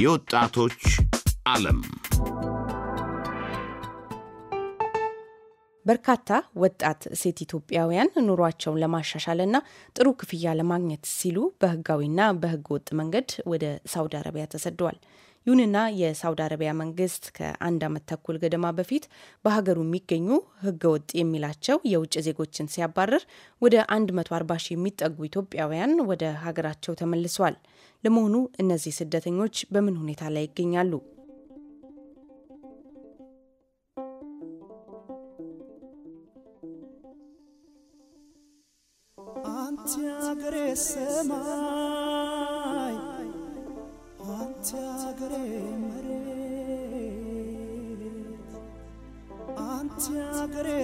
የወጣቶች ዓለም በርካታ ወጣት ሴት ኢትዮጵያውያን ኑሯቸውን ለማሻሻልና ጥሩ ክፍያ ለማግኘት ሲሉ በህጋዊና በህገ ወጥ መንገድ ወደ ሳውዲ አረቢያ ተሰደዋል። ይሁንና የሳውዲ አረቢያ መንግስት ከአንድ ዓመት ተኩል ገደማ በፊት በሀገሩ የሚገኙ ህገወጥ የሚላቸው የውጭ ዜጎችን ሲያባረር ወደ 140 ሺህ የሚጠጉ ኢትዮጵያውያን ወደ ሀገራቸው ተመልሰዋል። ለመሆኑ እነዚህ ስደተኞች በምን ሁኔታ ላይ ይገኛሉ?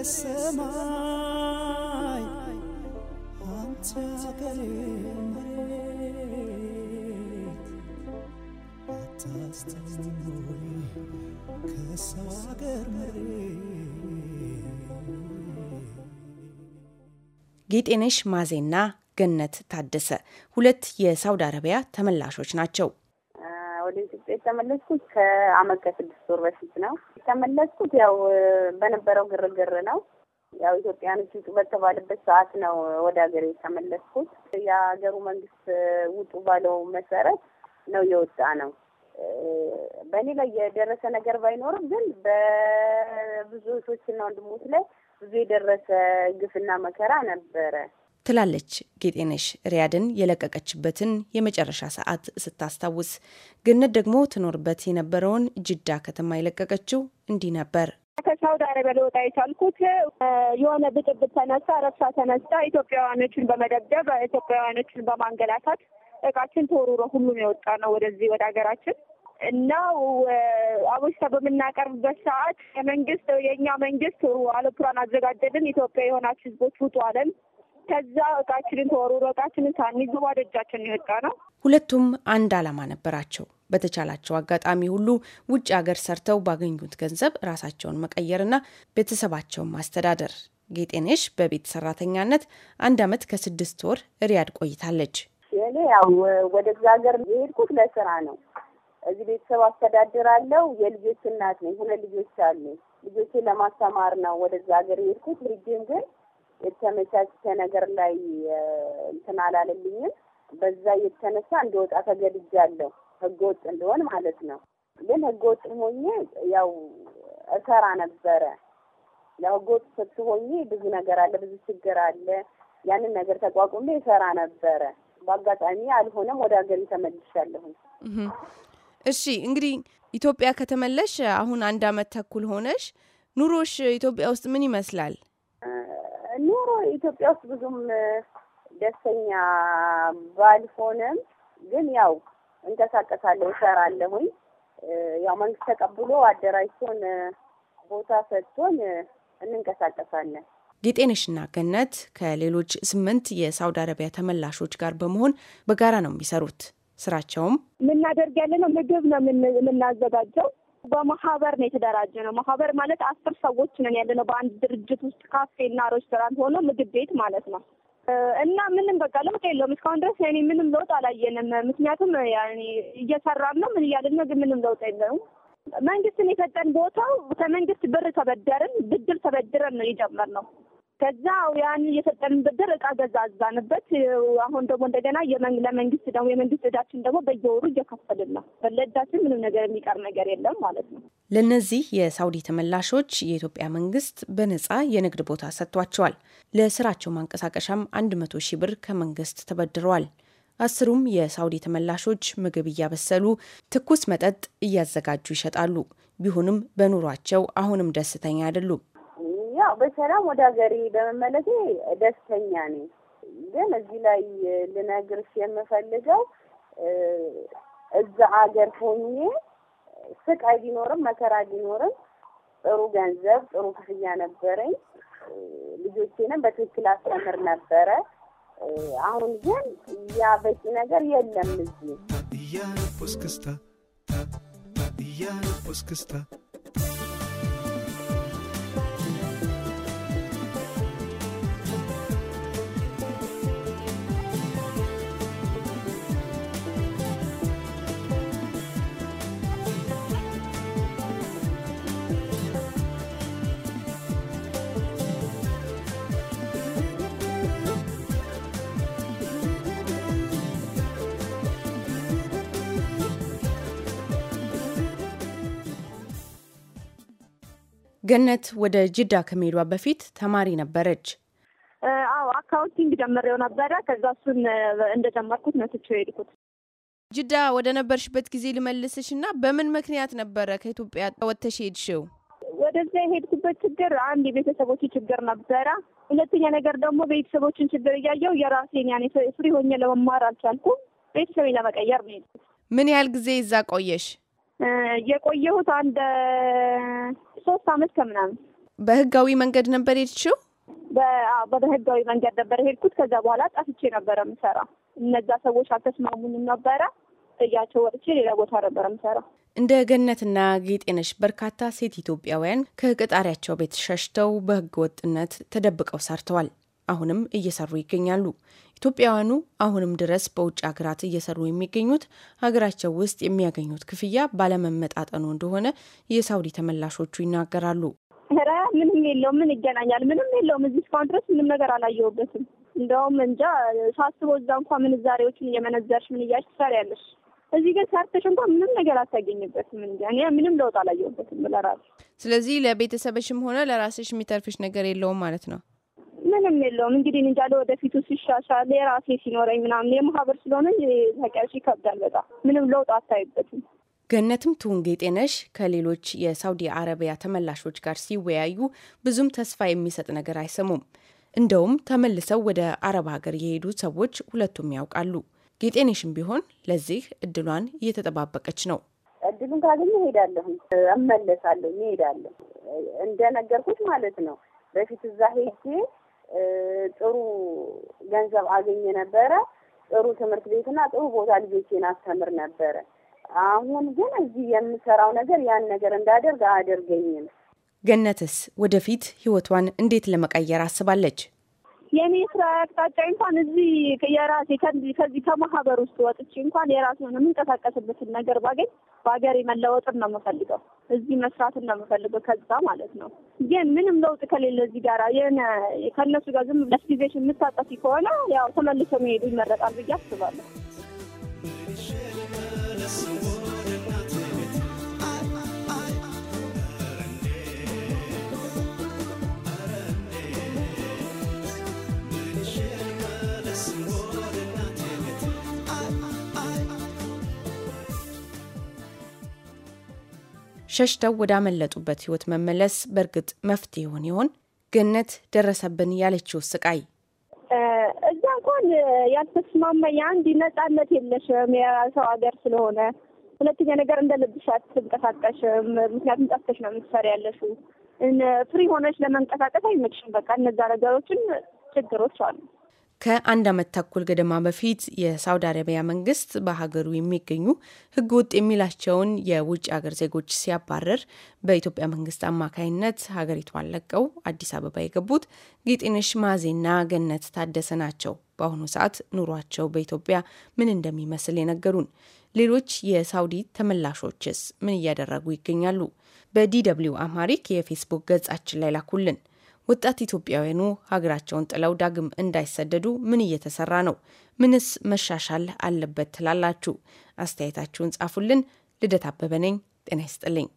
ሰማይ ታስተምሮኝ ከሰው አገር ጌጤነሽ ማዜና ገነት ታደሰ ሁለት የሳውዲ አረቢያ ተመላሾች ናቸው። ወደ ኢትዮጵያ የተመለስኩት ከአመት ከስድስት ወር በፊት ነው። የተመለስኩት ያው በነበረው ግርግር ነው። ያው ኢትዮጵያኖች ውጡ በተባለበት ሰዓት ነው ወደ ሀገር የተመለስኩት። የሀገሩ መንግስት ውጡ ባለው መሰረት ነው የወጣ ነው። በእኔ ላይ የደረሰ ነገር ባይኖርም ግን በብዙ እህቶችና ወንድሞች ላይ ብዙ የደረሰ ግፍና መከራ ነበረ ትላለች ጌጤነሽ ሪያድን የለቀቀችበትን የመጨረሻ ሰዓት ስታስታውስ። ገነት ደግሞ ትኖርበት የነበረውን ጅዳ ከተማ የለቀቀችው እንዲህ ነበር። ከሳውዲ አረቢያ ልወጣ የቻልኩት የሆነ ብጥብጥ ተነሳ፣ ረብሻ ተነሳ። ኢትዮጵያውያኖችን በመደብደብ ኢትዮጵያውያኖችን በማንገላታት እቃችን ተወሩሮ ሁሉም የወጣ ነው ወደዚህ ወደ ሀገራችን እና አቦሽታ በምናቀርብበት ሰዓት የመንግስት የእኛ መንግስት አለፕራን አዘጋጀልን። ኢትዮጵያ የሆናችሁ ህዝቦች ውጡ አለን። ከዛ እቃችንን ተወሩሮ እቃችንን ሳንይዝ ባዶ እጃችን የወጣ ነው። ሁለቱም አንድ አላማ ነበራቸው። በተቻላቸው አጋጣሚ ሁሉ ውጭ ሀገር ሰርተው ባገኙት ገንዘብ ራሳቸውን መቀየርና ቤተሰባቸውን ማስተዳደር። ጌጤነሽ በቤት ሰራተኛነት አንድ ዓመት ከስድስት ወር ሪያድ ቆይታለች። እኔ ያው ወደ እግዚአብሔር የሄድኩት ለስራ ነው። እዚህ ቤተሰብ አስተዳድራለሁ። የልጆች እናት ነኝ። ሁለት ልጆች አሉ። ልጆቼ ለማስተማር ነው ወደ እግዚአብሔር የሄድኩት። ልጅም ግን የተመቻቸ ነገር ላይ እንትን አላለልኝም። በዛ የተነሳ እንደወጣ ተገድጃለሁ። ህገወጥ እንደሆን ማለት ነው። ግን ህገወጥ ሆኜ ያው እሰራ ነበረ። ያው ህገወጥ ስትሆኚ ብዙ ነገር አለ፣ ብዙ ችግር አለ። ያንን ነገር ተቋቁሜ እሰራ ነበረ። በአጋጣሚ አልሆነም። ወደ ሀገሬ ተመልሻለሁ። እሺ እንግዲህ ኢትዮጵያ ከተመለሽ አሁን አንድ አመት ተኩል ሆነሽ። ኑሮሽ ኢትዮጵያ ውስጥ ምን ይመስላል? ኑሮ ኢትዮጵያ ውስጥ ብዙም ደስተኛ ባልሆነም ግን ያው እንቀሳቀሳለሁ፣ እሰራለሁኝ። ያው መንግስት ተቀብሎ አደራጅቶን ቦታ ሰጥቶን እንንቀሳቀሳለን። ጌጤነሽና ገነት ከሌሎች ስምንት የሳውዲ አረቢያ ተመላሾች ጋር በመሆን በጋራ ነው የሚሰሩት። ስራቸውም የምናደርግ ያለ ነው ምግብ ነው የምናዘጋጀው። በማህበር ነው የተደራጀ ነው። ማህበር ማለት አስር ሰዎች ነን ያለ ነው። በአንድ ድርጅት ውስጥ ካፌ ካፌና ሬስቶራንት ሆኖ ምግብ ቤት ማለት ነው። እና ምንም በቃ ለውጥ የለውም እስካሁን ድረስ ያኔ ምንም ለውጥ አላየንም። ምክንያቱም እየሰራን ነው ምን እያልን ነው፣ ግን ምንም ለውጥ የለውም። መንግስትን የሰጠን ቦታው ከመንግስት ብር ተበደርን ብድር ተበድረን ነው የጀመርነው። ከዛ ያን የሰጠንን ብድር እቃ አዛንበት። አሁን ደግሞ እንደገና ለመንግስት ደግሞ የመንግስት እዳችን ደግሞ በየወሩ እየከፈልን ነው። ለእዳችን ምንም ነገር የሚቀር ነገር የለም ማለት ነው። ለእነዚህ የሳውዲ ተመላሾች የኢትዮጵያ መንግስት በነጻ የንግድ ቦታ ሰጥቷቸዋል። ለስራቸው ማንቀሳቀሻም አንድ መቶ ሺህ ብር ከመንግስት ተበድረዋል። አስሩም የሳውዲ ተመላሾች ምግብ እያበሰሉ ትኩስ መጠጥ እያዘጋጁ ይሸጣሉ። ቢሆንም በኑሯቸው አሁንም ደስተኛ አይደሉም። ያው በሰላም ወደ ሀገሬ በመመለሴ ደስተኛ ነኝ። ግን እዚህ ላይ ልነግርሽ የምፈልገው እዛ ሀገር ሆኜ ስቃይ ቢኖርም መከራ ቢኖርም ጥሩ ገንዘብ ጥሩ ክፍያ ነበረኝ። ልጆቼንም በትክክል አስተምር ነበረ። አሁን ግን ያ በቂ ነገር የለም እዚህ እያለቆስክስታ እያለቆስክስታ ገነት ወደ ጅዳ ከመሄዷ በፊት ተማሪ ነበረች። አዎ አካውንቲንግ ጀምሬው ነበረ። ከዛ እሱን እንደጀመርኩት ነው ትቼው የሄድኩት። ጅዳ ወደ ነበርሽበት ጊዜ ልመልስሽ እና በምን ምክንያት ነበረ ከኢትዮጵያ ወጥተሽ ሄድሽው? ወደዚያ የሄድኩበት ችግር አንድ የቤተሰቦች ችግር ነበረ። ሁለተኛ ነገር ደግሞ ቤተሰቦችን ችግር እያየው የራሴን ያኔ ፍሪ ሆኜ ለመማር አልቻልኩም። ቤተሰቤ ለመቀየር ነው የሄድኩት። ምን ያህል ጊዜ ይዛ ቆየሽ? የቆየሁት አንድ ሶስት አመት ከምናምን። በህጋዊ መንገድ ነበር የሄድሽው? በህጋዊ መንገድ ነበር የሄድኩት። ከዛ በኋላ ጠፍቼ ነበረ ምሰራ። እነዛ ሰዎች አልተስማሙንም ነበረ ጥያቸው ወጥቼ ሌላ ቦታ ነበረ ምሰራ። እንደ ገነትና ጌጤነሽ በርካታ ሴት ኢትዮጵያውያን ከቀጣሪያቸው ቤት ሸሽተው በህገ ወጥነት ተደብቀው ሰርተዋል። አሁንም እየሰሩ ይገኛሉ። ኢትዮጵያውያኑ አሁንም ድረስ በውጭ ሀገራት እየሰሩ የሚገኙት ሀገራቸው ውስጥ የሚያገኙት ክፍያ ባለመመጣጠኑ እንደሆነ የሳውዲ ተመላሾቹ ይናገራሉ። ኧረ ምንም የለውም፣ ምን ይገናኛል? ምንም የለውም። እዚህ እስካሁን ድረስ ምንም ነገር አላየሁበትም። እንደውም እንጃ ሳስበው እዛ እንኳ ምንዛሬዎችን እየመነዘርሽ ምን እያልሽ ትሰሪያለሽ። እዚህ ግን ሰርተሽ እንኳ ምንም ነገር አታገኝበትም። እንጃ ምንም ለውጥ አላየሁበትም ለራሱ። ስለዚህ ለቤተሰብሽም ሆነ ለራስሽ የሚተርፍሽ ነገር የለውም ማለት ነው። ምንም የለውም። እንግዲህ እንጃለ ወደፊቱ ሲሻሻል የራሴ ሲኖረኝ ምናምን የማህበር ስለሆነ ተቀያሽ ይከብዳል በጣም ምንም ለውጥ አታይበትም። ገነትም ትውንጌ ጤነሽ ከሌሎች የሳውዲ አረቢያ ተመላሾች ጋር ሲወያዩ ብዙም ተስፋ የሚሰጥ ነገር አይሰሙም። እንደውም ተመልሰው ወደ አረብ ሀገር የሄዱ ሰዎች ሁለቱም ያውቃሉ። ጌጤነሽም ቢሆን ለዚህ እድሏን እየተጠባበቀች ነው። እድሉን ካገኘ ሄዳለሁ፣ እመለሳለሁ፣ ይሄዳለሁ እንደነገርኩት ማለት ነው። በፊት እዛ ሄጄ ጥሩ ገንዘብ አገኘ ነበረ። ጥሩ ትምህርት ቤትና ጥሩ ቦታ ልጆቼን አስተምር ነበረ። አሁን ግን እዚህ የምሰራው ነገር ያን ነገር እንዳደርግ አያደርገኝም። ገነትስ ወደፊት ህይወቷን እንዴት ለመቀየር አስባለች? የኔ ስራ አቅጣጫ እንኳን እዚህ የራሴ ከዚህ ከማህበር ውስጥ ወጥቼ እንኳን የራሴ ሆነ የምንቀሳቀስበትን ነገር ባገኝ በሀገሬ መለወጥን ነው የምፈልገው። እዚህ መስራትን ነው የምፈልገው። ከዛ ማለት ነው ግን ምንም ለውጥ ከሌለ እዚህ ጋር ከእነሱ ጋር ዝም ብለሽ ጊዜሽ የምታጠፊ ከሆነ ያው ተመልሶ መሄዱ ይመረጣል ብዬ አስባለሁ። ሸሽተው ወዳመለጡበት ህይወት መመለስ በእርግጥ መፍትሄ ይሆን ይሆን? ገነት ደረሰብን ያለችው ስቃይ እዛ እንኳን ያልተስማማኝ አንድ ነጻነት የለሽም የሰው ሀገር ስለሆነ፣ ሁለተኛ ነገር እንደ ልብሽ አትንቀሳቀሽም። ምክንያቱም ጠፍተሽ ነው የምትሰሪ ያለሹ ፍሪ ሆነች ለመንቀሳቀስ አይመችም። በቃ እነዛ ነገሮችን ችግሮች አሉ። ከአንድ ዓመት ተኩል ገደማ በፊት የሳውዲ አረቢያ መንግስት በሀገሩ የሚገኙ ህገ ወጥ የሚላቸውን የውጭ ሀገር ዜጎች ሲያባረር በኢትዮጵያ መንግስት አማካይነት ሀገሪቷን ለቀው አዲስ አበባ የገቡት ጌጤነሽ ማዜና ገነት ታደሰ ናቸው። በአሁኑ ሰዓት ኑሯቸው በኢትዮጵያ ምን እንደሚመስል የነገሩን። ሌሎች የሳውዲ ተመላሾችስ ምን እያደረጉ ይገኛሉ? በዲ ደብልዩ አማሪክ የፌስቡክ ገጻችን ላይ ላኩልን። ወጣት ኢትዮጵያውያኑ ሀገራቸውን ጥለው ዳግም እንዳይሰደዱ ምን እየተሰራ ነው? ምንስ መሻሻል አለበት ትላላችሁ? አስተያየታችሁን ጻፉልን። ልደት አበበ ነኝ። ጤና ይስጥልኝ።